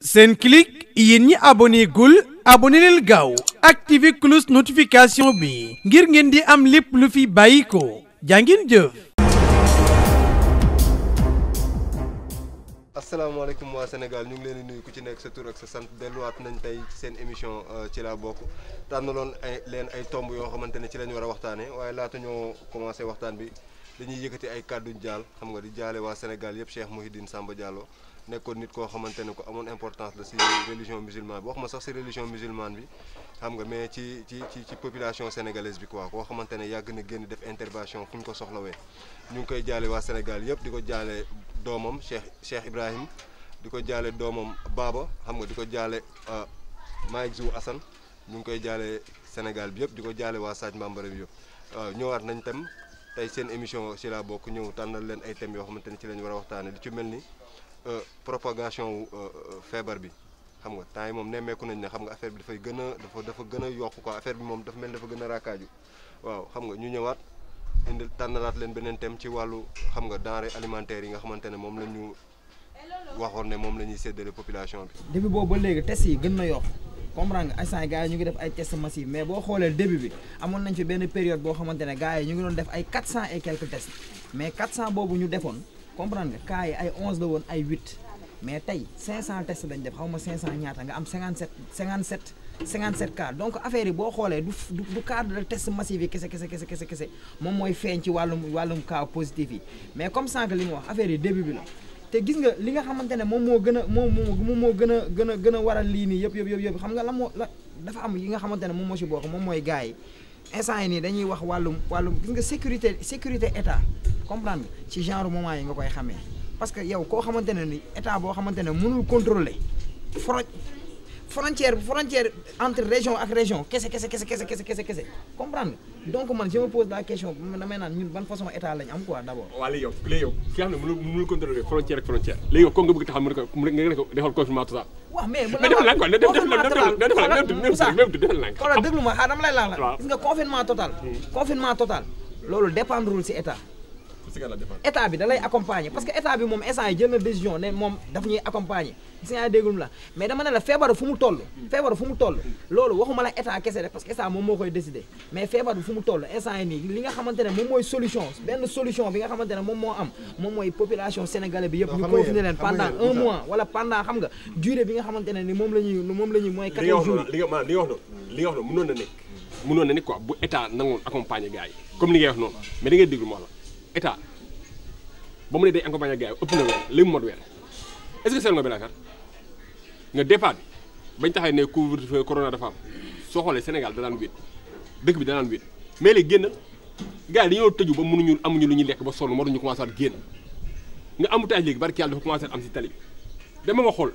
seen Senclic yéen ñi abonné gul abonné leen gaaw activé cloche notification bi ngir ngeen di am lépp lu fi bàyyi ko jàngin jëf. asalaamaaleykum waa Sénégal ñu ngi leen di nuyu ku ci nekk sa tur ak sa sant delluwaat nañ tey seen émission euh, ci laa bokk tànnaloon ay leen ay tomb yoo xamante ne ci lañu war a waxtaanee waaye laata ñoo commencé waxtaan bi dañuy yëkkati ay kàddu jaal xam nga di jaale waa Sénégal yëpp Cheikh Mouhidine Samba Diallo. nekkoon nit koo xamante ne ko amoon importance la si religion musulmane bi wax ma sax si religion musulmane xam nga mais ci ci ci ci population sénégalaise bi quoi koo xamante ne yàgg na génn def intervention fu ñu ko soxla we ñu ngi koy jaale waa Sénégal yëpp di ko jaale doomam Cheikh Cheikh Ibrahim di ko jaale doomam Baba xam nga di ko jaale euh, Malick Zou Assane ñu ngi koy jaale Sénégal bi yëpp di ko jaale waa Sadj Bambara bi yëpp waaw euh, ñëwaat nañ tam tey seen émission ci laa bokk ñëw tànnal leen ay thèmes yoo xamante ne ci lañ war a waxtaane li ci mel ni Euh, propagation wu euh, euh, feebar bi xam nga temps yi moom nemmeeku nañ ne xam nga affaire bi dafay gën a dafa dafa gën a yokk quoi bi moom dafa mel dafa gën a raakaaju waaw xam nga ñu ñëwaat indi tànnalaat leen beneen thème ci wàllu xam nga denre alimentaire yi nga xamante ne moom la ñu waxoon ne moom la ñuy séddale population bi. début boobu ba léegi test yi gën na yokk comprendre nga instant gars yi ñu ngi def ay tests massifs mais boo xoolee début bi amoon nañ fi benn période boo xamante ne gars yi ñu ngi doon def ay quatre cent et mais quatre cent boobu ñu defoon. comprendre nga cas ay onze la woon ay huit mais tey cinq cent tests lañ def xaw ma cinq cent ñaata nga am cinquante sept cinquante sept cinquante sept cas donc affaire yi boo xoolee du du cas de test massif yi kese kese kese kese kese moom mooy feeñ ci wàllum wàllum cas positif yi mais comme sànq li mu wax affaire yi début bi la te gis nga li nga xamante ne moom moo gën a moom moom moo gën a gën a gën a waral lii nii yëpp yëpp yëpp xam nga la moo la dafa am nga xamante ne moom moo si bokk moom mooy gars yi issant yi nii dañuy wax wàllum wàllum gis nga sécurité sécurité état comprendre ci genre moment yi nga koy xamee parce que yow koo xamante ne ni état boo xamante ne mënul contrôler foro frontière entre région ak région kese kese kese kese kese donc man je me pose la question damay naan ñun ban façon état lañ am quoi d' abord. waaw léegi yow léegi yow fi nga xam ne mënul mënul contrôler frontière ak frontière léegi nga bëgg taxaw mën nga ko defal confinement total. waaw mais bu la defal lan ma ah dama lay laal la. waaw gis total. Hmm. confinement total loolu dépendrul ci état. état bi da lay accompagner parce que état bi moom instant yi jël na décision ne moom daf ñuy accompagner gis nga déggul la mais dama ne la feebar fu mu toll feebar fu mu toll loolu waxuma la état kese rek parce que état moom moo koy décider mais feebar bi fu mu toll instant yi nii li nga xamante moom mooy solution benn solution bi nga xamante moom moo am moom mooy population sénégalaise bi yëpp ñu confiner leen pendant un mois wala pendant xam nga durée bi nga xamante ne ni moom la moom la ñuy mooy quatorze jours li li nga wax la état ba mu ne day accompagner gars yi ëpp na weer léegi mu mot weer est-ce que seetlu nga benn affaire nga départ bi bañ taxee ne couvre-feu corona dafa am soo xoolee Sénégal da daan wéet dëkk bi da daan wéet mais léegi génn gars yi dañoo tëju ba ñu amuñu lu ñu lekk ba sonn moo tax ñu commencé at génn nga embouteillage léegi barki yàlla dafa commencé am si tali bi dama nga xool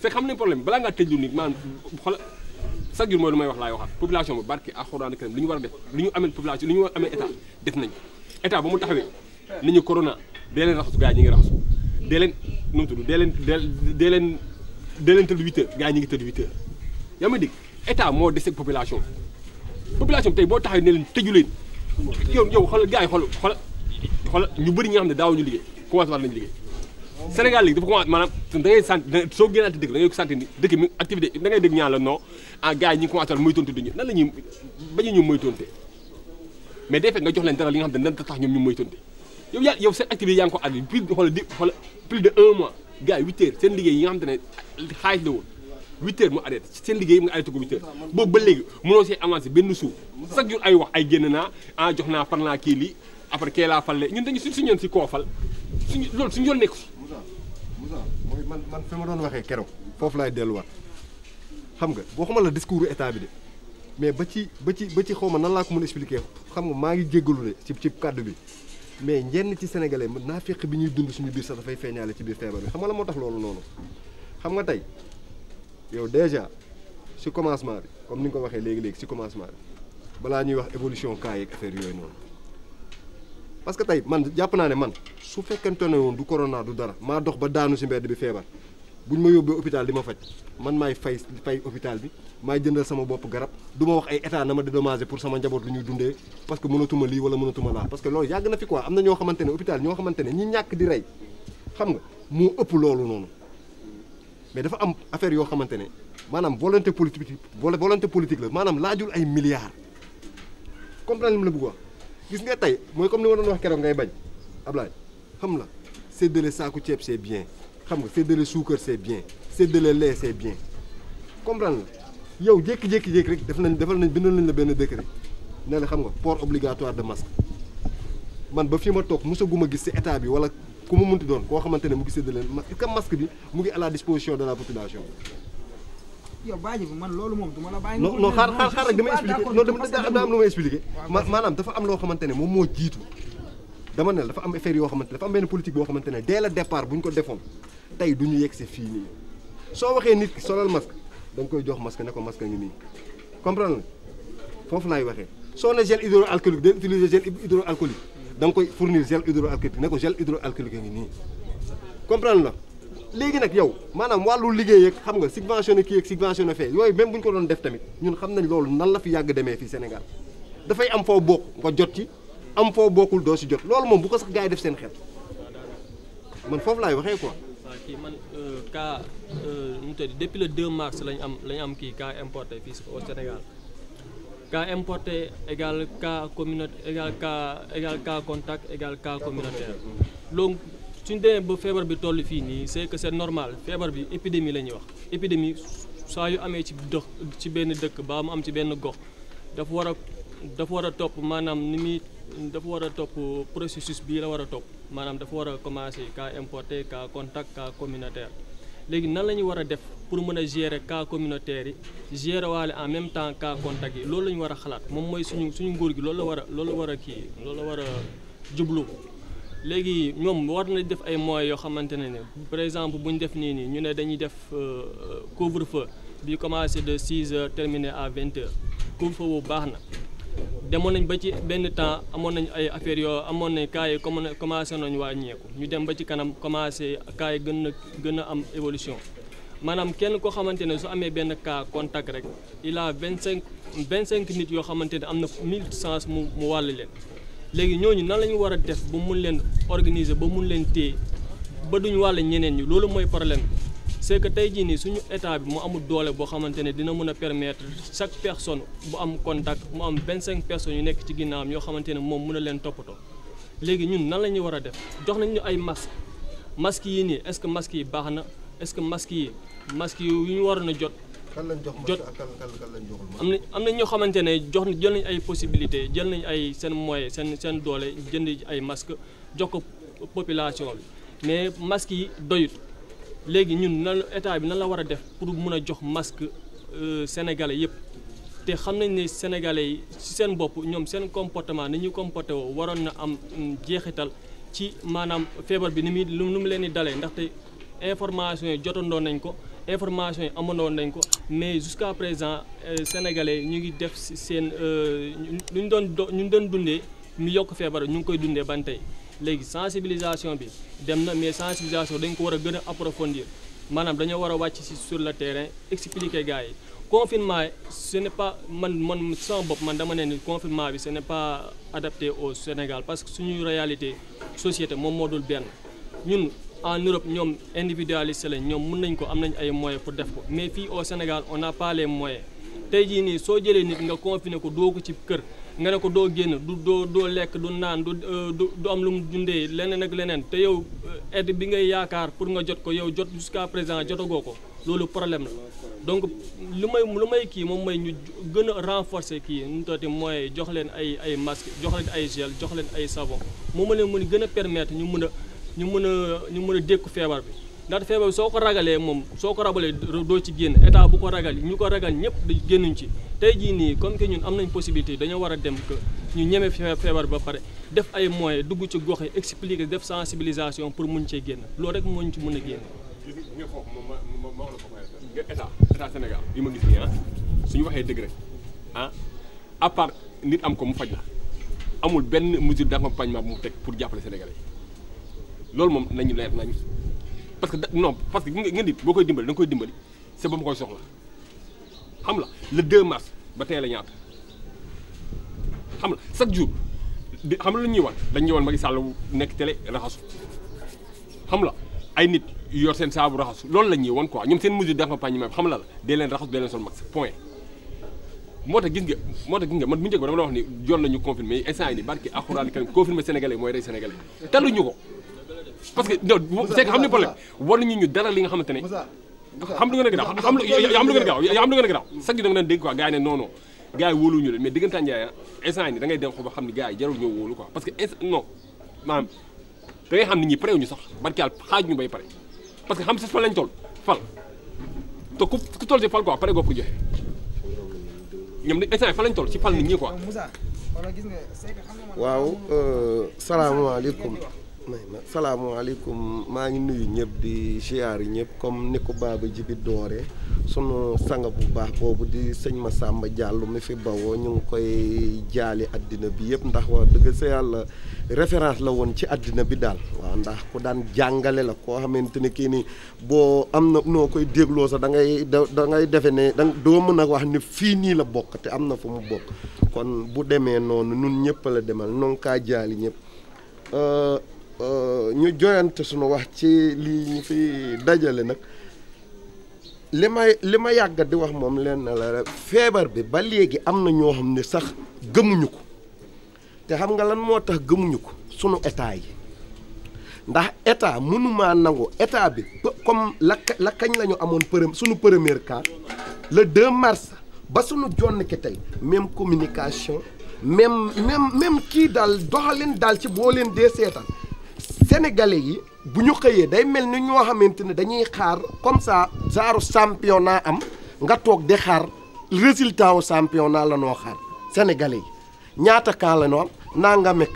c'est xam nañ problème balaa ngaa tëj lu nit maanaam xool chaque jour mooy lu may wax a def li ñu amee population nañ état ba mu taxawee nit ñu corona dee leen raxasu gars yi ñu ngi raxasu dee leen nu mu tudd leen dee leen dee leen tëdd huit ñu ngi tëdd huit heures ma dégg état moo dese population population bi tey boo taxawee ne leen tëju leen yow yow xoolal gars yi xoolal xoolal xoolal ñu bëri ñi xam ne daaw ñu liggéey commencé war nañu liggéey Sénégal léegi dafa commencé maanaam da ngay sant soo génnaati dëkk da ngay sant ni dëkk mi activité da la ah ñu ngi commencé war nan la bañu ñu moytontee mais day fekk nga jox leen dara li nga xam ne dana tax ñoom ñu moytandi yow yaa yow seen activité yaa ngi ko àddi plus xoola di xoola plus de un mois gars yi huit seen liggéey yi nga xam te ne xaalis la woon huit mu arrêté seen liggéey mu nga arrêté ko huit heures boobu ba léegi mënoo see avancé benn suuf chaque jour ay wax ay génn naa ah jox naa far naa kii lii après kee laa fal ñun dañu suñ suñoon si koo fal suñu loolu suñu yoon nekku si Moussa Moussa mooy man man ma doon waxee keroog foofu laay delluwaat xam nga boo xamal la discours état bi de mais ba ci ba ci ba ci xaw ma nan laa ko mën expliquer xam nga maa ngi jéggalu de ci ci kàddu bi mais ñenn ci sénégalais naa fekk bi ñuy dund suñu biir sax dafay feeñaale ci biir feebar bi xam nga la moo tax loolu noonu xam nga tey yow déjà ci commencement bi comme ni nga ko waxee léegi-léegi ci commencement bi balaa ñuy wax évolution cas yeeg affaire yooyu noonu parce que tey man jàpp naa ne man su fekkente ne woon du corona du dara maa dox ba daanu ci mbedd bi feebar buñ ma yóbbee hôpital di ma faj man maay fay fay hôpital bi maay jëndal sama bopp garab du ma wax ay état na ma dédommager pour sama njaboot lu ñuy dundee parce que mënatuma lii wala mënatuma laa parce que loolu yàgg na fi quoi am na ñoo xamante ne hôpital ñoo xamante ne ñi ñàkk di rey xam nga moo ëpp loolu noonu mais dafa am affaire yoo xamante ne maanaam volonté politique volonté politique la maanaam laajul ay milliards comprendre lim la bëgg wax gis nga tey mooy comme ni ma doon wax keroog ngay bañ Ablaye xam la séddale saaku ceeb c'est bien xam nga séddale suukar c'est bien séddale lait c'est bien comprendre la yow jékki-jékki-jékki rek def nañ defal nañ bindal nañ la benn décret ne la xam nga port obligatoire de masque man ba fii ma toog mosaguma gis si état bi wala ku ma munti doon koo xamante ne mu gisee da leen masque que masque bi mu ngi à la disposition de la population. yow bàyyi loolu moom duma la bàyyi. non non xaar xaar xaar rek dama expliqué non dama am lu may expliqué. maanaam dafa am loo xamante ne moom moo jiitu. dama ne dafa am affaire yoo xamante ne dafa am benn politique boo xamante ne dès le départ bu ñu ko defoon tey du ñu yegg si fii nii soo waxee nit ki solal masque. da koy jox masque ne ko masque ngi nii comprendre nga foofu laay waxee soo ne gel hydroalcoolique day utiliser gel hydroalcoolique da nga koy fournir gel hydroalcoolique ne ko gel hydroalcoolique ngi nii comprendre la léegi nag yow maanaam wàllu liggéey ak xam nga ne kii ak subventionné fee yooyu même bu ñu ko doon def tamit ñun xam nañ loolu nan la fi yàgg demee fi Sénégal dafay am foo bokk nga jot ci am foo bokkul doo si jot loolu moom bu ko sax gars yi def seen xel man foofu laay waxee quoi kii man euh, cas euh, nu mu tëdd depuis le 2 mars lañ am lañ am kii cas importe fii au Sénégal cas importé égal cas communautaire égal cas égal cas contact égal cas communautaire donc suñ demee ba feebar bi toll fii nii c'est que c'est normal feebar bi épidémie la ñuy wax épidémie saa yu amee ci dox ci benn dëkk baa mu am ci benn gox dafa war dafa war a topp maanaam ni muy dafa war a topp processus bii la war a topp maanaam dafa war a commencer cas importe cas contact cas communautaire léegi nan la ñu war a def pour mën a gérer ka communautaire yi gérer waale en même temps cas contact yi loolu lañu war a xalaat moom mooy suñu suñu nguur gi loolu la war a loolu la a kii loolu la war a jublu léegi moom war na def ay moyens yoo xamante ne ne par exemple bu ñu def nii nii ñu ne dañuy def euh, couvre-feu bi commencé de 6 heures à 20 heures baax na demoon nañ ba ci benn temps amoon nañ ay affaires yoo amoon nañ cas yi commencé nañ wàññeeku ñu dem ba ci kanam commencé cas gën a gën a am évolution maanaam kenn koo xamante ne su amee benn kaa contact rek il a vingt cinq vingt cinq nit yoo xamante ne am na mille chance mu mu wàll leen léegi ñooñu nan la ñu war a def ba mun leen organiser ba mun leen téye ba duñu wàll ñeneen ñi loolu mooy problème c'est tey jii nii suñu état bi mu amul doole boo xamante ne dina mën a permettre chaque personne bu am contact mu am vingt cinq personnes yu nekk ci ginnaawam yoo xamante ne moom mun a leen toppatoo léegi ñun nan la ñuy war a def jox nañ ñu ay masques masques yi nii est-ce que masques yi baax na est-ce que masques yi masques yu ñu waroon a jot. kan lañ jox jot am na am na ñoo xamante ne jox jël nañ ay possibilité jël nañ ay seen moyen seen seen doole jënd ay masques jox ko population bi mais masques yi doyut. léegi ñun nan état bi nan la war a def pour mun a jox masque euh, sénégalais yëpp te xam nañ ne sénégalais yi ci seen bopp ñoom seen comportement ni ñu comporté waroon na am mm, jeexital ci maanaam feebar bi ni muy lu mu leen di dalee ndaxte information yi jotandoo nañ ko information yi amandoo nañ ko mais jusqu'à présent euh, sénégalais ñu ngi def si seen lu euh, ñu doon ñu doon dundee mu yokk feebar ñu ngi koy dundee ban tey. léegi sensibilisation bi dem na mais sensibilisation dañ ko war a gën a approfondir maanaam dañoo war a wàcc si sur le terrain expliquer gars yi confinement yi ce man man sama bopp man dama ne ni confinement bi ce n'est adapté au Sénégal parce que suñuy réalité société moom moo dul benn ñun en Europe ñoom individualiste lañ ñoom mun nañ ko am nañ ay moyens pour def ko mais fii au Sénégal on n'a pas les tey jii nii soo jëlee nit nga confiné ko doo ko ci kër nga ne ko doo génn du doo doo lekk du naan du euh, du am lu mu dundee leneen ak leneen te yow euh, aide bi ngay yaakaar pour nga jot ko yow jot jusqu'à présent jotagoo ko loolu problème la donc lu may lu may kii moom may ñu gën a renforcer kii nu tati mooy jox leen ay ay masque jox leen ay gel jox leen ay savon moom ma leen mën gën a permettre ñu mën a ñu mën a ñu mën a dékku feebar bi ndax feebar soo ko ragalee moom soo ko rabalee doo ci génn état bu ko ragal ñu ko ragal ñëpp di génnuñ ci tey jii nii comme que ñun am nañ possibilité dañoo war a dem que ñu ñeme feebar ba pare def ay moyens dugg ci gox yi def sensibilisation pour mun cee génn loolu rek moo ci mën a génn. nga foofu ma ma ma wax la ko état état Sénégal yi ma gis nii ah suñu waxee dëgg rek ah à part nit am ko mu faj la amul benn mesure d'accompagnement bu mu teg pour jàppale Sénégalais loolu moom nañu leer nañu. parce que non parce que nga nit boo koy dimbali da nga koy dimbali c'est ba mu koy soxla xam la le 2 mars ba tey la ñaata xam la chaque jour di xam la lu ñuy wan dañu wan Macky Sall nekk télé raxasu xam la ay nit yor seen saabu raxasu loolu la ñuy wan quoi ñoom seen mesure d'accompagnement bi xam la la dee leen raxasu dee leen sol max point moo tax gis nga moo tax gis nga man bu njëkk ba dama wax ni yoon la ñu instant yi ni barki alxuraan mooy rey sénégalais taluñu ko parce que non c'est que xam ne problème war nañu ñu dara li nga xamante ne xam a garaaw xam lu xam lu gën a xam a garaaw sax di da nga daan dégg quoi gars yi ne non non gars yi wóoluñu leen mais diggantaan njaay ah, instant ni da ngay jarul ñoo wóolu quoi parce que non maanaam da ngay xam ni ñi pare ñu sax barki yàlla xaaj ñu bay pare parce que xam si fan lañ toll fal te ku ku si fal quoi pare ko joxe ñoom instant yi fan lañ toll si waaw euh, salaamaaleykum salaamaaleykum maa ngi nuyu ñëpp di ziar yi ñëpp comme ni ko baaba ji bi doore sunu sanga bu baax boobu di sëñ ma Massamba jàll mi fi bawoo ñu ngi koy jaali àddina bi yëpp ndax wax dëgg sa la woon ci àddina bi daal waaw ndax ku daan jàngale la koo xamante ne kii nii boo am na noo koy dégloo sax da ngay da ngay defe ne da doo mën a wax ni fii nii la bokk te am na fu mu bokk kon bu demee noonu nun ñëpp la demal non kaa jaali ñëpp euh, Euh, ñu joyante suñu wax ci lii ñu fi dajale nag li ma li ma yàgg di wax moom lenn la feebar bi ba léegi am na ñoo xam ne sax gëmuñu ko te xam nga lan moo tax gëmuñu ko sunu état yi ndax état mënumaa nangu état bi comme la lakkañ lañu amoon premier sunu premier cas le 2 mars ba sunu jonn tey même communication même même même kii daal doxalin daal ci boo leen dee seetaan sénégalais yi bu ñu xëyee day mel ni ñoo xamante ne dañuy xaar comme ça genre championnat am nga toog di xaar résultat wu championnat la noo xaar sénégalais yi ñaata cas la noon nangami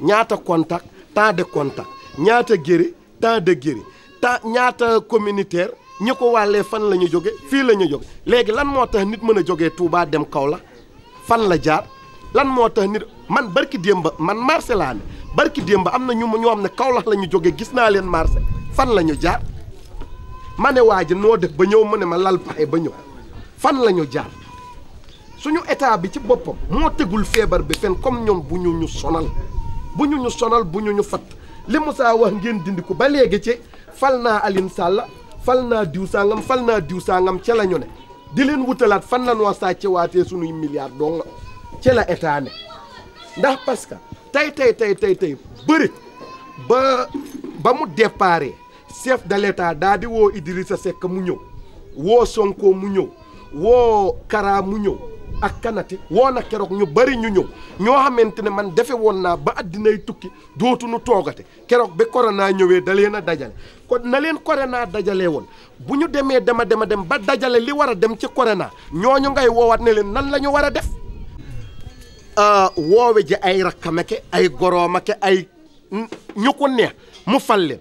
ñaata contact temps de contact ñaata guéri temps de guéri temps ñaata communautaire ñi ko wàllee fan la ñu jóge fii la ñu jóge léegi lan moo tax nit mën a jógee Touba dem kaw la fan la jaar lan moo tax nit man barki démb man marché laa barki démb am na ñu ñoo xam ne Kaolack la ñu jógee gis naa leen marché fan la ñu jaar ma ne waa ji noo def ba ñëw ma ne ma lal paxe ba ñëw fan la ñu jaar suñu état bi ci boppam moo tegul feebar bi fen comme ñoom bu ñu ñu sonal bu ñu ñu sonal bu ñu ñu li Moussa wax ngeen dindi ko ba léegi ci fal naa Aline Sall fal naa diw sangam fal naa diw sangam ca la ñu ne di leen wutalaat fan la noo sàcce waatee suñuy milliards dong ca la état ne ndax tey tey tey tey tey bëri ba ba mu déparé chef de l'État daa di woo Idrissa Seck mu ñëw woo Sonko mu ñëw woo Kara mu ñëw ak kanati woo na keroog ñu bari ñu ñëw ñoo xamante ne man defe woon naa ba addinay tukki dootuñu toogate keroog ba corona ñëwee da leen a dajale kon na leen corona dajalee woon bu ñu demee dama dema dem ba dajale li war a dem ci corona ñooñu ngay woowaat ne leen nan la ñu war a def Euh, woowe ji ay rakkamake ay goroomake ay ñu ko neex mu fal leen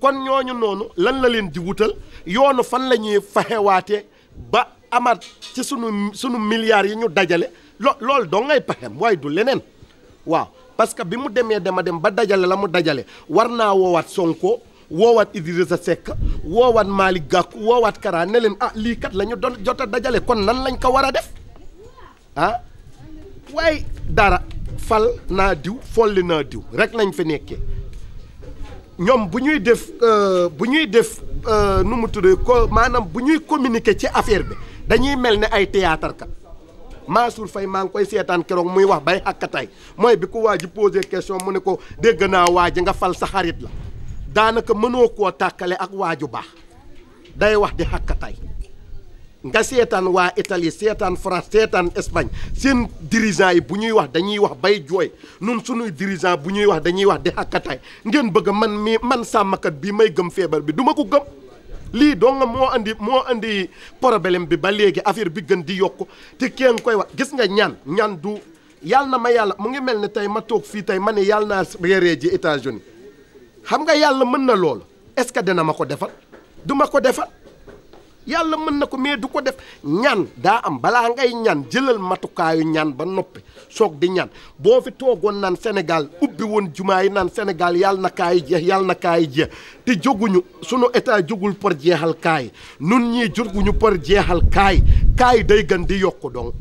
kon ñooñu noonu lan la leen di wutal yoonu fan la ñuy faxewaatee ba amaat ci sunu sunu milliards yi ñu dajale lo loolu doo ngay pexem waaye du leneen waaw parce que bi mu demee dema dem ba dajale la mu dajale war naa woowaat Sonko woowaat sa Seck woowaat Malick Gakou woowaat Kara ne leen ah lii kat la ñu doon jot a dajale kon nan lañ ko war a def ah? waaye dara fal naa diw folli naa diw rek lañ fi nekkee ñoom bu ñuy def euh, bu ñuy def euh, nu mu tuddee ko maanaam bu ñuy communiquer ci affaire bi dañuy mel ni ay théâtre kat Mansour Faye maa ngi koy seetaan keroog muy wax bay xàkkataay mooy bi ko waa ji posé question mu ne ko dégg naa waa ji nga fal sa xarit la daanaka mënoo koo tàkkale ak waa ju baax day wax di xàkkataay nga seetaan waa Italie seetaan France seetaan Espagne seen dirigeant yi bu ñuy wax dañuy wax bay jooy nun suñuy dirigeant bu ñuy wax dañuy wax di xakkataay ngeen bëgg man mi man sàmmkat bi may gëm feebar bi du ma ko gëm lii dong moo indi moo andi problème bi ba léegi affaire bi gën di yokku te kenn koy wax gis nga ñaan ñaan du yàlla na ma yàlla mu ngi mel ne tey ma toog fii tey ma ne yàlla naa reeree ji États-Unis xam nga yàlla mën na loolu est-ce que dana ma ko defal yàlla mën na ko mais du ko def ñaan daa am balaa ngay ñaan jëlal matukaayu ñaan ba noppi soog di ñaan boo fi toogoon naan Sénégal ubbi woon jumaa yi naan Sénégal yàlla na kaay jeex yàlla na kaay jeex te jóguñu sunu état jógul por jeexal kaay nun ñii jóguñu por jeexal kaay kaay day gën di yokk donc.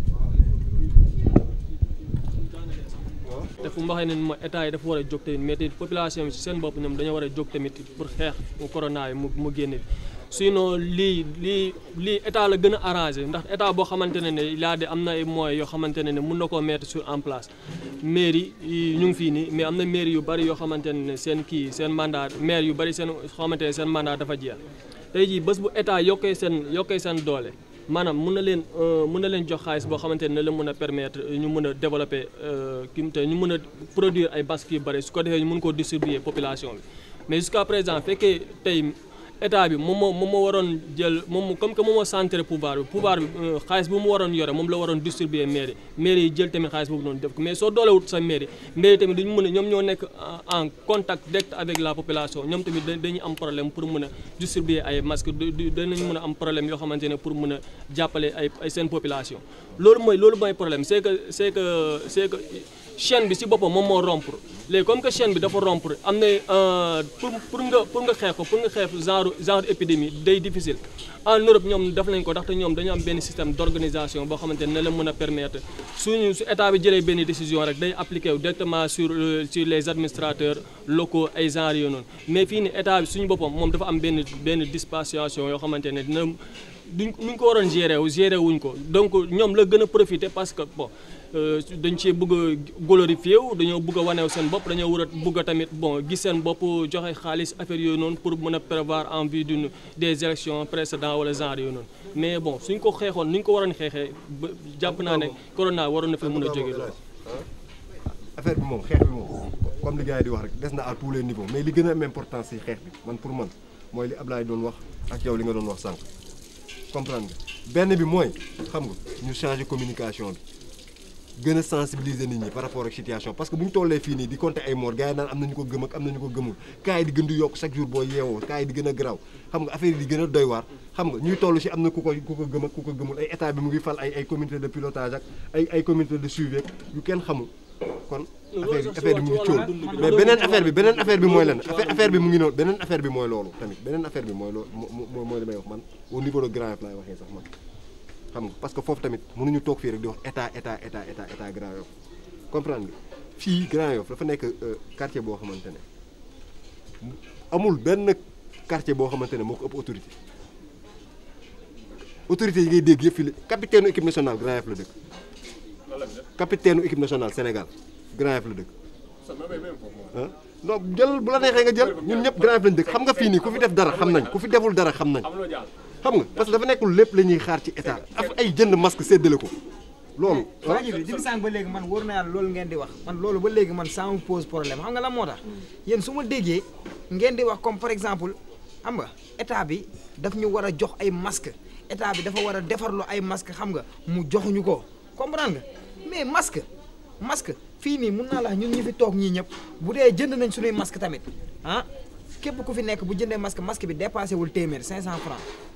te fu mu waxee ne ma état yi dafa war a jóg tamit mais population seen bopp ñoom dañoo war a jóg tamit pour xeex mu corona yi mu mu génne. sinon lii lii lii état la gën a arrangé ndax état boo xamante ne ne laa de am na ay moyens yoo xamante ne ne mun na koo mettre sur en place mairie ñu ngi fii nii mais am na mairie yu bari yoo xamante ne ne seen kii seen mandat maire yu bari seen xamante ne seen mandat dafa jeex tey jii bés bu état yokkee seen yokkee seen doole maanaam mun na leen euh, mun na leen jox xaalis boo xamante ne la mun a permettre ñu mun a développer euh, kii te ñu mun a produire ay basques yu bari su ko defee ñu mun koo distribuer population bi mais état bi moom moo moom moo waroon jël moom comme que moom moo centré pouvoir bi pouvoir bi euh, xaalis bu mu waroon yore moom la waroon distribuer mairie mairie yi jël tamit xaalis boobu noonu def ko mais soo doolewut sa mairie mairie tamit dañu mën a ñoom ñoo nekk en contact direct avec la population ñoom tamit dañuy am problème pour mën a distribuer ay masques danañ mën a am problème yoo xamante ne pour mën a jàppale ay ay seen population loolu mooy loolu mooy problème c'est que c'est que c'est que chaîne bi si boppam moom moo rompre léegi comme que chaîne bi dafa rompre am na euh, pour pour nga pour nga xeex ko pour nga xeex genre genre épidémie day difficile en Europe ñoom def nañ ko te ñoom dañu am benn système d' organisation boo xamante ne la mën a permettre suñu état bi jëlee benn décision rek day appliqué wu directement sur euh, sur les administrateurs locaux ay genre mais fii ni état suñu boppam moom dafa am benn benn dispensation yoo xamante ne dina duñ ko waroon gérer wu gérer wuñ ko donc ñoom la gën a profité parce que bon Euh, dañ ci bëgg a glorifier wu dañoo bëgg a waneew seen bopp dañoo war a bëgg tamit bon gis seen bopp joxe xaalis affaire yooyu noonu pour mën a prévoir en vue d'une des élections précédentes wala genre yooyu noonu mais bon suñ ko xeexoon ni ñu ko waroon xeexee ba jàpp naa ne corona waroon na fa mën a jóge loolu affaire bi moom xeex bi moom comme li di wax rek des na à tous les niveaux mais li gën a am importance si xeex bi man pour man mooy li Ablaye doon wax ak li nga doon wax sànq comprendre benn bi mooy xam nga ñu changer communication bi gën a sensibiliser nit ñi par rapport ak situation parce que bu ñu tollee fii nii di compter ay mort gars yi naan am nañu ko gëm ak am nañu ko gëmul cas di gën di yokk chaque jour boo yeewoo cas di gën a garaaw xam nga affaire di gën a doy waar xam nga ñuy toll si am na ku ko ku ko gëm ak ku ko gëmul ay état bi mu ngi fal ay ay de pilotage ak ay ay de suivi yu kenn xamul kon affaire bi affaire bi mu ngi cóol mais beneen affaire bi beneen affaire xam nga parce que foofu tamit mënuñu toog fii rek di wax état état état état état Grand Yoff comprendre nga fii dafa nekk euh, quartier boo xamante ne amul benn quartier boo xamante ne moo ko ëpp autorité autorité yi ngay dégg yëpp fii la capitaine équipe nationale Grand Yoff la dëkk. capitaine équipe nationale Sénégal Grand Yoff la dëkk. ah donc jël bu la neexee nga jël ñun ñëpp Grand Yoff lañ dëkk xam nga fii nii ku fi def dara xam nañ ku fi deful dara xam nañ. xam nga parce que dafa nekkul lépp la ñuy xaar ci état af ay jënd masque séddale ko loolu. waa ah. ji bi sànq léegi man wóor na yàlla loolu ngeen di wax man loolu ba léegi man ça me pose problème xam nga la moo tax yéen su ma déggee ngeen di wax comme par exemple xam nga état bi daf ñu war a jox ay masque état bi dafa war a defarlu ay masque xam nga mu joxuñu ko comprendre nga mais masque masque fii nii mun naa la ñun ñu fi toog ñii ñëpp bu dee jënd nañ suñuy masque tamit ah képp ku fi nekk bu jëndee masque masque bi dépassé wul téeméer 500 francs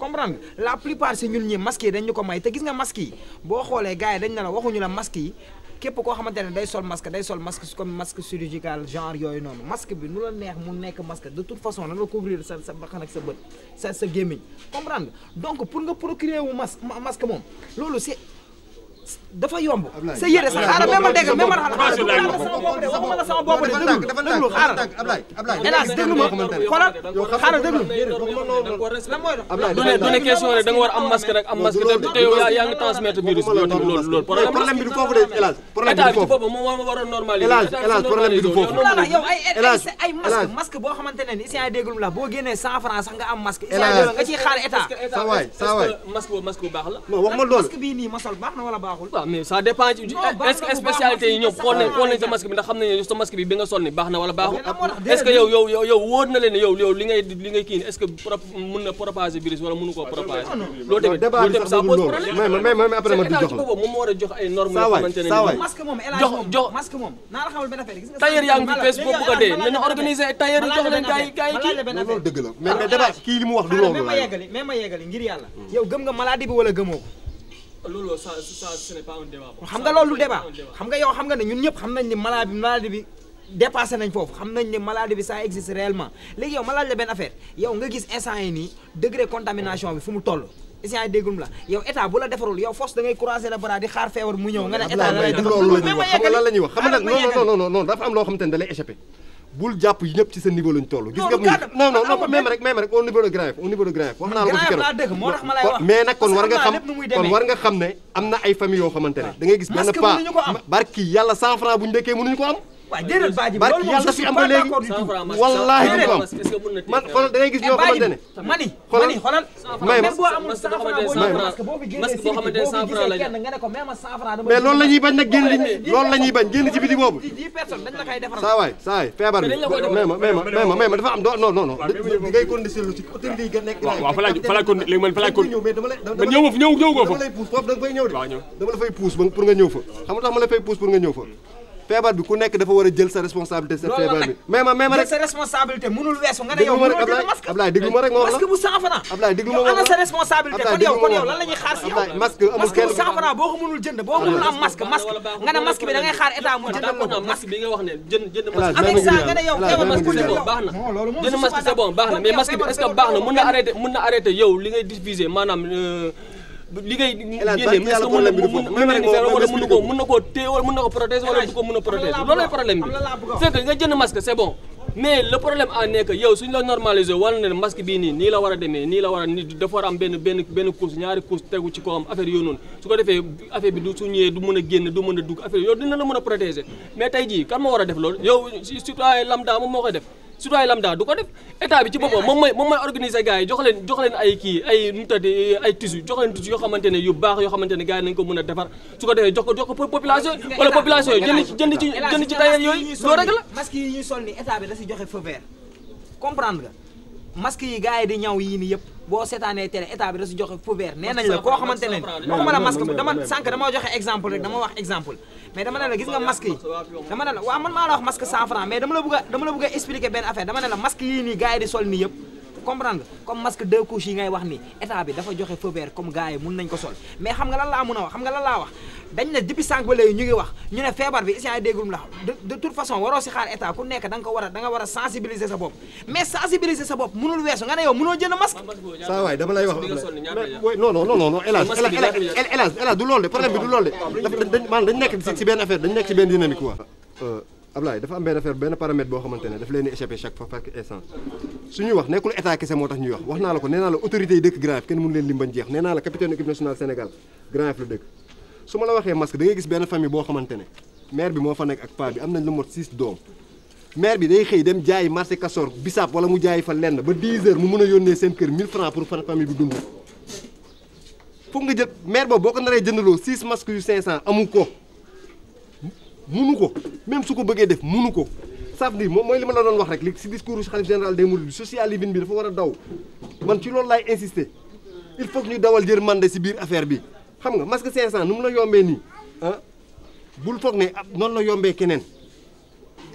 comprendre la plupart si ñun ñi masques yi dañ ñu ko may te gis nga masques yi boo xoolee gars yi dañ ne la waxuñu la masques yi képp koo xamante ne day sol masque day sol masque comme masque chirurgical genre yooyu noonu masque bi nu la neex mu nekk masque de toute façon na la couvrir sa sa baxan ak sa bët sa sa gémmiñ comprendre donc pour nga procurer wu moom loolu c'est dafa yomb sa yére sax xaaral même ma dégg même ma xaaral du ma la sama bopp de waxuma la sama bopp de déglu déglu xaaral hélas déglu ma xoolal xaaral déglu du ne du ne question rek da nga war am masque rek am masque te yow yaa ngi transmettre virus bi loolu loolu problème bi du foofu de hélas problème bi du foofu état bi ci boppam moom moo war a normaliser hélas problème bi du foofu yow ay ay masque masque boo xamante ne ni isien déglum la boo génnee cent francs sax nga am masque nga ciy xaar état sa waay sa waay masque boobu masque bu baax la non wax ma loolu masque bii nii ma sol baax na wala baaxul quoi mais ça dépend ci spécialité yi ñoom xool nañ xool sa masque bi ndax xam nañ baax na wala baaxul est yow yow yow yow na leen yow yow li ngay li ngay kii est-ce que mën na propager virus wala mënu koo propager loolu tamit loolu tamit ça pose mais mais après ma du jox la boobu moom a jox ay normes yoo xamante yaa ngi fees boo bëgg a dee nañu organiser ay tailleur yi jox leen gars yi kii loolu dëgg la mais mais ma yeggali ngir yàlla yow gëm loolu ça ça ce xam nga loolu débat xam nga yow xam nga ne ñun ñëpp xam nañ ni maladie maladie bi dépassé nañ foofu xam nañ ne maladie bi ça existe léegi yow ma la benn affaire yow nga gis instant yi nii degré contamination bi fu mu toll. a yi déggum la yow état bu la defarul yow force da ngay croiser xaar feebar mu ñëw nga ne état la ñuy wax xam nga lan la ñuy wax xam nga dafa am loo xamante ne da lay bul jàpp ñëpp ci sa niveau lañ toll. gis nga non non non même rek même rek au niveau de Grand Yoff au niveau de naa la ko ci keroog mais nag kon war nga xam kon war nga xam ne am na ay famille yoo xamante ne ah. da ngay gis benn pas barki yàlla cent bu ñu dëkkee mënuñu ko am waaw déedéet baaji loolu moom wallaahi du ko am man xoolal da ngay gis ñoo xamante ne mani mani xoolal boobu dix personnes feebar bi mais ma mais ma mais ma dafa am do non non non ngay condition ci autorité yi nga nekk waaw fa laay fa laay kon léegi man fa laay kon man ñëw ma ñëw ñëw fa dama lay pousse fa xam nga fa feebar bi ku nekk dafa war a jël sa responsabilité sa feebar bi mais ma mais ma rek sa responsabilité mënul weesu ma rek ma bu cent franc boo ko mënul jënd boo mënul am masque masque nga ne masque bi da xaar état jënd jënd masque avec baax na jënd masque c'est bon li ngay diffuser euh, li ngay génne est-ce que mën na mën na ko wala mën na ko mën na koo téye wala mën na ko protéger wala du a protéger problème bi c'est nga jënd masque c'est bon mais le problème en est que yow suñu la normalisé wala ne masque bii nii nii la war a demee nii la war a ni dafa war a am benn benn benn course ñaari course tegu ci kawam affaire yooyu noonu su ko defee affaire bi du su ñëwee du mën a génn du mën a dugg affaire yow dina la mën a protéger mais tey jii kan moo war a def loolu citoyen lambda du ko def état bi ci boppam moom mooy moom mooy organiser gars yi jox leen jox leen ay kii ay nu ay tissu jox leen tissu yoo xamante ne yu baax yoo xamante ne gars yi nañu ko mën a defar su ko defee jox ko jox ko population yi wala population yi jënd jënd ci jënd yooyu loo rek la masque yi gars yi di ñaw yii nii yëpp boo seetaanee télé état bi joxe feu vert nee nañ la koo xamante ne waxuma la joxe exemple rek dama wax exemple mais dama ne la gis nga masque yi dama ne la waaw man maa la wax masque cent franc mais dama la bëgg a dama la bëgg a benn affaire dama ne la masque yii nii gars di sol nii yëpp comprendre comme masque deux couches ngay wax nii état dafa joxe feu vert comme gars mun nañ ko sol mais xam nga lan laa mun a wax xam nga dañu ne depuis sànq ba léegi ñu ngi wax ñu ne feebar bi isient déggulum la de toute façon waroo si xaar état ku nekk da nga ko war a da nga sensibiliser sa bopp mais sensibiliser sa bopp mënul weesu nga ne yow mënoo jënd masque saa waay dama lay wax non non non non non hélas hélas hélas du loolu de euh, dafa am benn affaire benn paramètre boo xamante ne daf leen di échappé chaque fois parce que instant suñuy wax nekkul état kese moo tax ñuy wax wax naa la ko nee naa la autorités yi dëkk Grand Yoff su ma la waxee masque da ngay gis benn famille boo xamante ne mère bi moo fa nekk ak paa bi am nañ lu mot six doom mère bi day xëy dem jaayi marché Castor bisaab wala mu jaayi fa lenn ba 10 heures mu mun a yónnee seen kër 1000 francs pour fan famille bi dund. foog nga jël mère boobu boo ko naree jëndaloo 6 masques yu 500 amu ko munu ko même su ko bëggee def munu ko. saf ni moom mooy li ma la doon wax rek li si discours xalif général des mourides socialisme bi dafa war a daw man ci loolu laay insister il faut ñu dawal jër mande si biir affaire bi. xam nga masque 500 nu mu la yombee nii ah, bul foog ne ab noonu la yombee keneen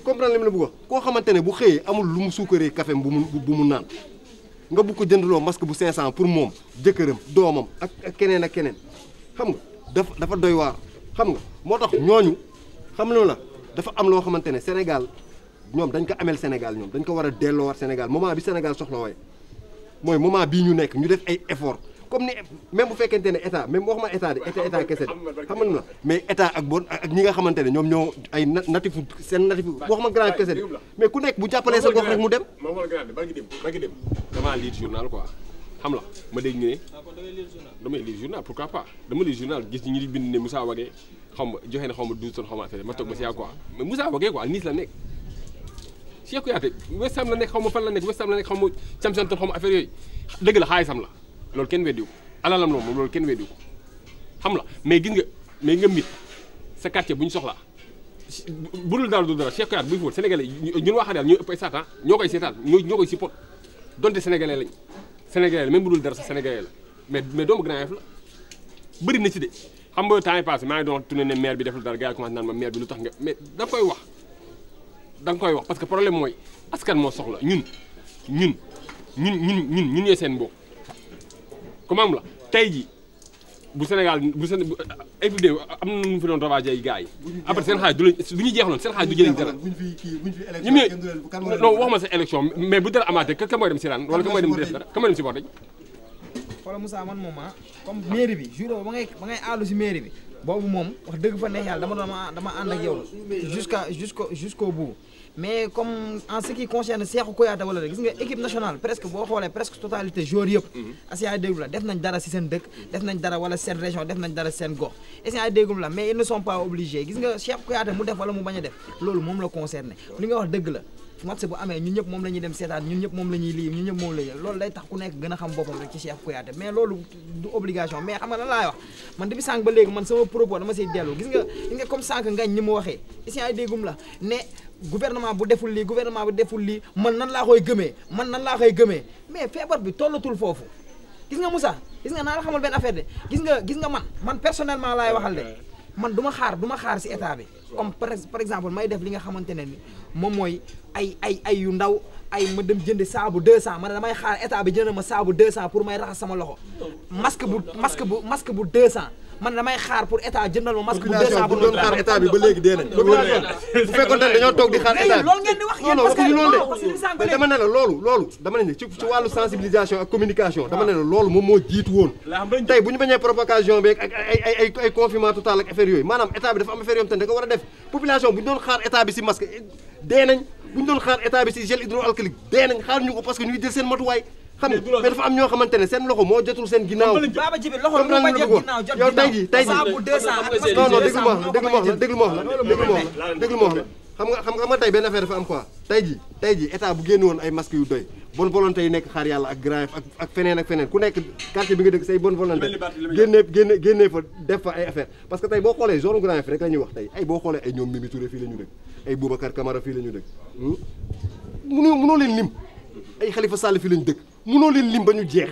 comprendre lim la bu wax koo xamante ne bu xëyee amul lu mu suukaree café bu mu bu mu naan nga bu ko jëndaloo masque bu 500 pour moom jëkkëram doomam ak ak keneen ak keneen xam nga dafa dafa doy waar xam nga moo tax ñooñu xam lu la dafa am loo xamante ne Sénégal ñoom dañ ko ameel Sénégal ñoom dañ ko war a delloo delloowaat Sénégal moment bi Sénégal soxla waaye mooy moment bii ñu nekk ñu def ay effort comme ni même bu fekkente ne état même waxuma état de état état kese de xam nga mais état ak bon ak ñi nga xamante ne ñoom ñoo ay natifu seen natifu waxuma grand kese de mais ku nekk bu jàppalee sa gox rek mu dem. ma wala grand ba ngi xam la ma dégg ñu ne. Ah, damay lire journal pourquoi pas dama lire journal gis bind ne Moussa Wagué xaw ma joxe na xaw ma douze tonnes xaw ma affaire ma toog ba si yaa quoi mais Moussa Wagué quoi Nice la nekk. Cheikh Kouyaté West Ham la nekk xaw ma fan la nekk West Ham la nekk xaw ma Southampton xaw affaire yooyu dëgg la xaalisam la loolu kenn weddiwu ko alalam la loolu kenn weddiwu ko xam la mais gis nga mais nga mit sa quartier bu ñu soxla bu dul daal du dara Cheikh Kouyaté buy fóot sénégalais ñun waxaa daal ñoo ëpp ay satan ñoo koy seetaan ñoo koy support donte sénégalais lañ sénégalais la même bu dul dara sa sénégalais la mais mais doomu Grand Yoff la bëri na si de xam nga temps yi maa ngi doon tourné ne maire bi deful dara gars yi naan ma maire bi lu tax nga mais da koy wax da nga koy wax parce que problème mooy askan moo soxla ñun ñun ñun ñun ñun ñun ñooy seen mbokk comme am la tey ji bu Sénégal bu Séné FID eh, am na nu mu fi doon ravagé ay gars yi. après seen xaalis du la bu ñu jeexaloon seen xaalis du jëriñ dara. bu ñu fi kii bu ñu sa élection mais bu dara amaatee ka mooy dem si daan wala ka mooy dem def dara ka mooy dem si boor dañ. xoolal Moussa man moom ah comme mairie bi jour ba ngay ba ngay aalu si mairie bi boobu moom wax dëgg fa neex yàlla dama dama dama ànd ak yow jusqu'à jusqu'au jusqu'au bout mais comme en ce qui concerne Cheikhou Kouyaté wala gis nga équipe nationale presque boo xoolee presque totalité joueurs yëpp mhm. est-ce ay déggum la def nañ dara si seen dëkk def nañ dara wala seen région def nañ dara seen gox est-ce ay déggum la mais nga Cheikhou a def loolu moom la concerné li nga wax dëgg la match moom la ñuy dem seetaan day tax ku nekk gën a xam boppam rek ci Cheikhou Kouyaté mais loolu du obligation mais xam nga lan laay wax man depuis sànq ba léegi man sama propos dama siy dellu gis nga gis nga comme sànq ngañ ni mu waxee gouvernement bu deful lii gouvernement bu deful lii man nan laa koy gëmee man nan laa koy gëmee mais feebar bi tollatul foofu gis nga Moussa gis nga naa la xamal benn affaire de gis nga gis nga man man personnellement laay waxal de man du ma xaar du ma xaar si état bi comme par exemple may def li nga xamante ne ni moom mooy ay ay ay yu ndaw ay ma dem jënd saabu 200 man damay xaar état bi jënd ma saabu 200 pour may raxas sama loxo masque bu masque bu masque bu 200. man damay xaar pour état jëndal ma masque bu deux cent bu doon xaar état bi ba léegi dee bu fekkoon ne xaar état moom moo jiitu bi dafa am affaire a def population bu ñu doon xaar état bi si masque dee bu ñu doon xaar état bi si gel hydroalcoolique dee nañ xaar ñu ko parce que ñuy seen matuwaay xam nga dafa am ñoo xamante seen loxo moo jotul seen ginnaaw. ma jot ginnaaw jot ginnaaw yow tey jii tey jii non non déglu ma wax la déglu ma wax la déglu ma wax la déglu ma wax fii la dëkk ay Boubacar hmm? leen lim ay Khalifa Sall fii la dëkk munoo leen lim ba ñu jeex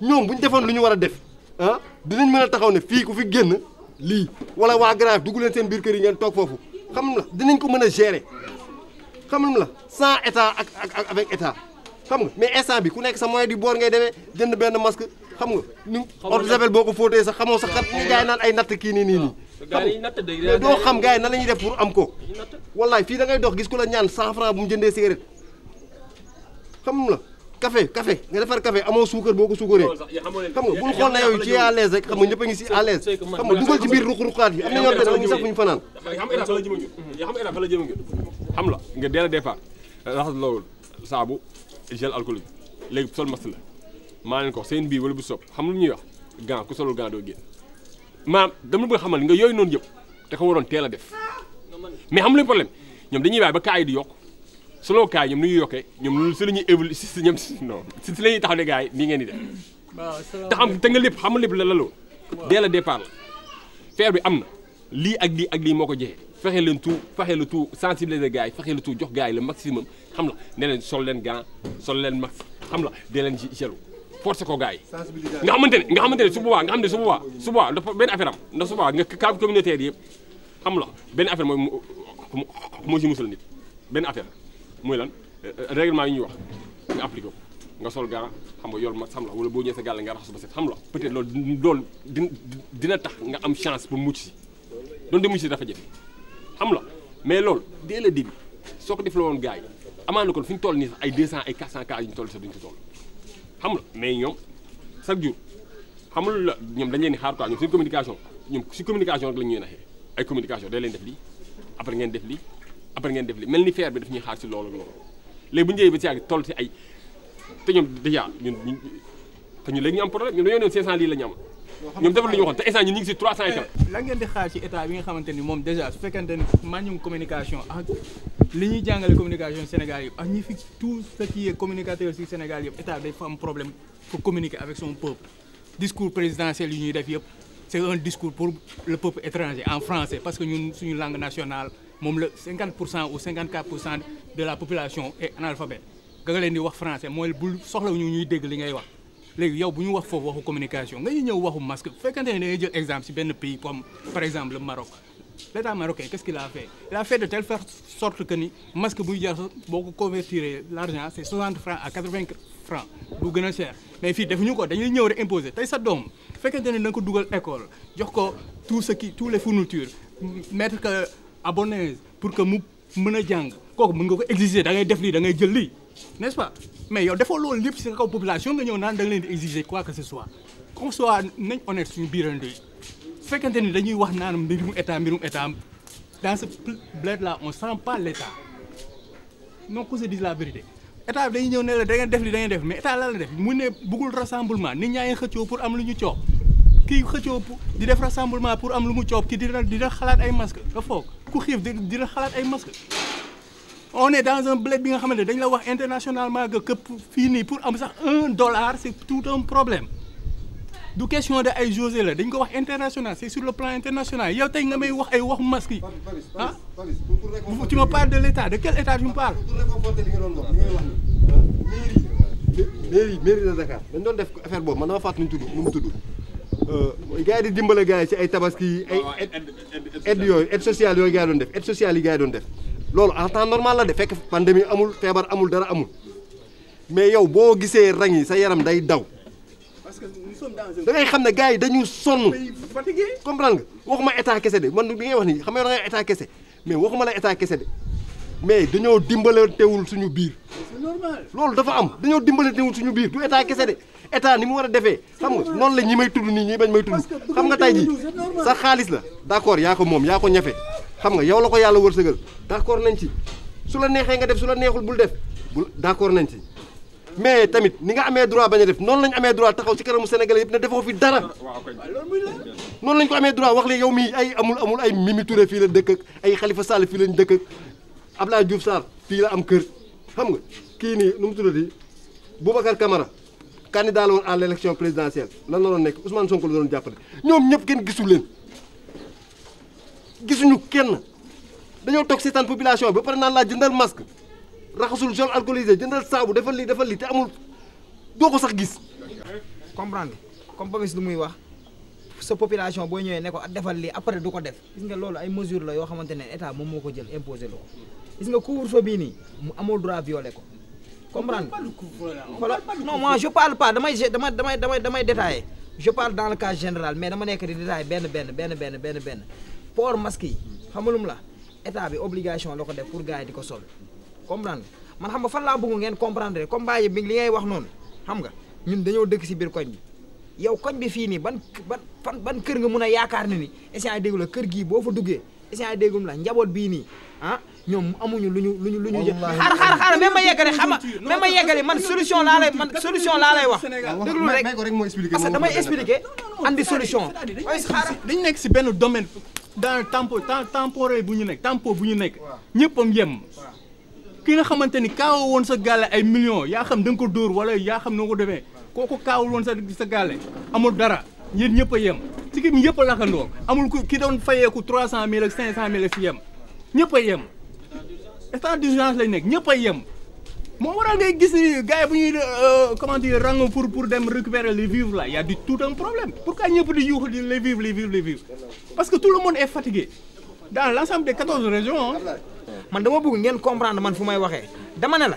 ñoom bu ñu defoon lu ñu war a def ah dinañ mën a taxaw ne fii ku fi génn lii wala waa grave dugg leen seen biir kër yi ngeen toog foofu xam la dinañ ko mën a gérer xam la sans état ak ak avec état xam nga mais instant bi ku nekk sa moyen di boor ngay demee jënd benn masque xam nga ni eau de javel boo ko fóotee sax xamoo sax xat ñu jaay naan ay natt kii nii nii nii mais doo xam gars yi la ñuy def pour am ko wallaay fii da ngay dox gis ku la ñaan cent bu mu jëndee cigarette xam la kafe café nga defar kafe amoo suukar boo ko suukaree xam nga bul xool na yow ci à l'aise rek xam nga ñëpp a ngi si à l'aise xam nga dugal am la jëm xam nga deel a départ raxas loolu saabu gel alcoolique léegi sol masque la maa leen ko seen biir wala bu sob xam lu ñuy wax gant ku solul gant doo génn maam dama bëgg xamal nga yooyu noonu yëpp te ko waroon teel a def mais xam lu problème ñoom dañuy bàyyi ba kaa yi di yokk selon cas ñoom nu ñuy yokkee ñoom loolu si la ñuy évolu si si ñoom non si si la ñuy taxaw ne gars yi nii ngeen di def. te xam te nga lépp xam nga lépp la lalu. dès le départ la. bi am na lii ak lii ak lii moo ko jeexee fexe leen tout fexe le tout sensibiliser gars yi fexe le tout jox gars yi le maximum xam la ne leen sol leen gant sol leen max xam la dee leen gelu forcé ko gaay yi nga xamante ne nga xamante ne su boobaa nga xam ne su boobaa su boobaa dafa benn affaire nda ndax su boobaa nga cas communautaire yëpp xam la benn affaire mooy moo si musal nit benn affaire mooy lan euh, règlement yi ñuy wax nga appliqué ko nga sol gara xam nga yor ma xam la wala boo ñëwee sa gàll nga raxasu ba set xam la peut-être loolu loolu dina tax nga am chance pour mucc si doon de mucc si dafa jafe xam la mais loolu dès le début soo ko def la woon gars yi amaan na kon fi ñu toll nii sax ay 200 ay 400 cas yu ñu toll sax duñu si toll xam la mais ñoom chaque jour xamul la ñoom dañ leen di xaar ñoom suñu communication ñoom si communication rek la ñuy naxee ay communication day leen def lii après ngeen def lii après ngeen def li mel ni feer bi daf ñuy xaar si loolu ak loolu léegi bu ñu jëyee ba si yàgg toll si ay te ñoom déjà ñun ñun léegi ñu am problème ñun dañoo ne 500 lii la ñu am ñoom defal lu ñu waxoon te instant ñun ñu ngi si 300 et quelques eh, la ngeen di xaar ci état bi nga xamante ni moom déjà su fekkente ni mañum communication ak li ñuy jàngale communication Sénégal yëpp ak ñi fi tout ce qui est communicateur si Sénégal yëpp état day fa am problème ñuy def yëpp c'est un discours pour le parce que ñun suñu langue moom la pour cent de la population est analphabète ga nga wax français mooy bul soxlawuñu ñuy dégg li ngay wax léegi yow bu ñu wax foofu waxu communication nga ñuy ñëw waxu masque fekkente ne da ngay jël exemple si benn pays par exemple Maroc l'état marocain qu'est-ce qu'il a fait il a fait de telle sorte que ni masque buy jar boo ko convertir l'argent c'est 60 francs à francs bu gën a cher mais fii defuñu ko dañuy ñëw rek imposer tey sa doom fekkente ne da nga ko dugal ko tout ce qui tous les fournitures mettre abonné pour que mu mën a jàng kooku mën nga ko exiger da ngay def lii da ngay jël lii n'est-ce pas mais yow defoo loolu lépp si nga kaw population nga ñëw naan da nga leen di exiger quoi que ce soit qu'on soit nañ honnête suñu biirandoo yi fekkente ni dañuy wax naan mbirum état mbirum état dans ce bled on sent pas l'état non qu'on se dise bi dañuy ñëw ne la da ngeen def li da ngeen def mais état la la def mu ne bëggul rassemblement nit ñaa ngi xëccoo pour am lu ñu coob kii xëccoo di def rassemblement pour am lu mu coob ki di dina xalaat ay masque nga foog ku xiif di di xalaat ay masque on est dans un bled bi nga xam ne dañ la wax internationalement que këpp fii nii pour am sax un dollar c'est tout un problème du question de ay josé la dañ ko wax international c'est sur le plan international yow tey nga may wax ay wax masque yi ah tu me parles de l'état de quel état tu me parles ah? mairie mairie de Dakar dañ doon def affaire boobu man dama fàtt ñu tudd nu mu tudd Euh, gars yi di dimbale gars yi ci ay tabaski yi ay ah, aide yooyu aide social yooyu gars yi doon def aide social yi gaa yi doon def loolu en temps normal la de fekk pandémie amul feebar amul dara amul mais yow boo gisee rang yi sa yaram day daw da ngay xam ne gars yi dañu sonn comprendre nga waxuma état kese de man li ngay wax nii xam nga da ngay kese mais waxuma la état kese mais dañoo dimbalantewul suñu biir loolu dafa am dañoo dimbalantewul suñu biir du état kese de état ni mu war a defee xam nga noonu la ñi may tudd nii ñi bañ may tudd xam nga tey ji sa xaalis la d'accord yaa ko moom yaa ko ñafe xam nga yow la ko yàlla wërsëgal d'accord nañ ci su la neexee nga def su la neexul bul def bul d'accord nañ ci mais tamit ni nga amee droit bañ a def noonu lañ amee droit taxaw ci kanamu Sénégalais yëpp ne defoo fi dara noonu lañ ko amee droit wax la yow mii ay amul amul ay Mimi Touré fii la dëkk ak ay xalifa Sall fii lañ dëkk ak Abdoulaye Diouf fii la am kër xam nga kii nii nu mu tuddati Boubacar Camara candidat la woon à l' élection présidentielle la doon nekk Ousmane Sonko la doon jàppale ñoom ñëpp kenn gisul leen gisuñu kenn dañoo toog seetaan population bi ba pare naan laa jëndal masque raxasul gel alcoolisé jëndal saabu defal lii defal lii te amul doo ko sax gis. comprendre comme Papis lu muy wax sa population boo ñëwee ne ko defal lii après du ko def gis nga loolu ay mesures la yoo xamante ne état moom moo ko jël imposé la ko gis nga couvre-feu bii nii mu amul droit ko. comprendre non moi je parle pas damay damay damay damay damay détaillé je parle dans le cas général mais dama nekk di détaillé benn benn benn benn benn benn port maski yi xamalum la état bi obligation la ko def pour gars di ko sol comprendre man xam nga fan laa bëgg ngeen comprendre comme bàyyi bi li ngay wax noonu xam nga ñun dañoo dëkk si biir koñ bi yow koñ bi fii nii ban ban fan ban kër nga mun a yaakaar ne ni essence déggu la kër gii boo fa duggee essence déggum la njaboot bii nii ah ñoom amuñu lu ñu lu ñu lu ñu jë xaar xaar xaar même ma yeggale xama même ma yeggale man solution laa lay man solution laa lay wax déglu rek parce que damay expliquer andi solution dañu nekk si benn domaine dans tempo temporel bu ñu nekk tempo bu ñu nekk ñëppam yem ki nga xamante ni kaaw woon sa gàlle ay millions yaa xam da ko dóor wala yaa xam noo ko defee kooku kaawul woon sa sa gaale amul dara yéen ñëpp a yem si ki yëpp a lakkandoo amul ku ki doon fayeeku trois cent mille ak cinq cent mille ak fi yem ñëpp yem état d'urgence lañ nekk ñëpp a yem moo waral ngay gis ni gars bu ñuy euh, comment dire rang pur pour dem récupérer les vivres là y a du tout un problème pourquoi ñëpp di yuuxu di les vivres les vivres les vivres parce que tout le monde est fatigué dans l'ensemble des quatorze régions man dama bëgg ngeen comprendre man fu may waxee dama ne la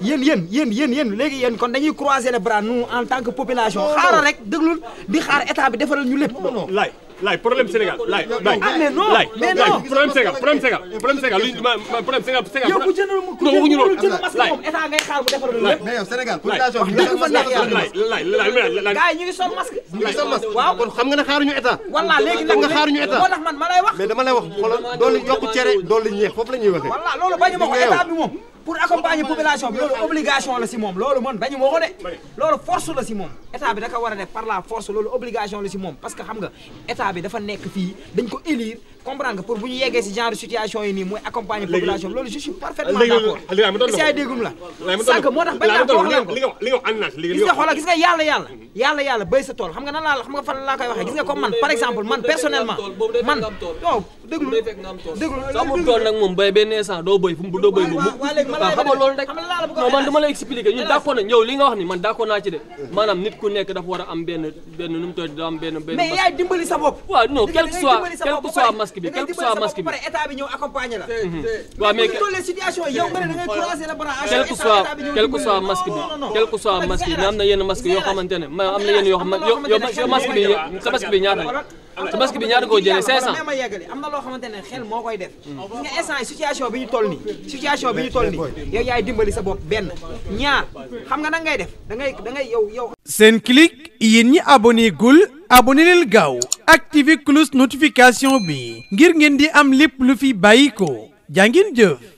yéen yéen yéen yéen yéen léegi yéen kon dañuy croiser les bras nous en tant que population xaaral rek déglul di xaar état bi defaral ñu lépp lay laay problème Sénégal laay laay. ah mais non mais non problème Sénégal problème Sénégal problème Sénégal luy ma problème Sénégal. yow bu jëndul mu ku jëndul masque moom état ngay xaar mu defaral lépp. mais yow Sénégal population bi dafa nekk laay laay laay. gars yi ñu ngi sol masque. ñu ngi sol masque waaw kon xam nga ne xaaruñu état. voilà léegi nag nga xaaruñu état moo tax man ma lay wax. mais dama lay wax xoolal doole yokku cere doole ñeex foofu la ñuy waxee. voilà loolu bañu ma ko état bi moom pour accompagner population bi loolu obligation la si moom loolu man bañu ma ko de loolu force la si moom état da ko war a par la force loolu obligation la si moom parce que xam nga état bi dafa nekk fii dañ ko élire comprendre nga pour bu ñu yeggee si genre situation yi nii mooy accompagner population loolu je suis parfaitement d'accord si ay déggum la sànq moo tax bañ naa ko wax leen ko gis nga xoolal gis nga yàlla yàlla mhm. yàlla yàlla béy sa tool xam nga nan laa xam nga fan laa koy waxee gis nga comme man par exemple man personnellement man yow déglu déglu sama tool nag moom béy benn instant doo béy fu mu doo béy moom waaw xam nga loolu rek non man dama lay expliquer ñun d'accord nañ yow li nga wax ni man d'accord naa ci de mhm. maanaam nit ku nekk dafa war a am benn benn nu mu toll daa am benn benn mais yaay dimbali sa bopp waaw non quel que soit quel que soit masque bi quel bi état am na yenn masque yoo xamante ma am na yenn yoo xam yow masque bi ñaata la sa masque bi ñaata koo jëlee 500 mais ma yeggali am na loo xamante ne xel moo koy def nga instant situation bi ñu toll nii situation bi ñu toll nii yow yaay dimbali sa bopp benn ñaar xam nga nan ngay def da ngay da ñi abonné gul abonné leen gaaw activé cloche notification bi ngir ngeen di am lépp lu fi bàyyi ko jaa ngeen jëf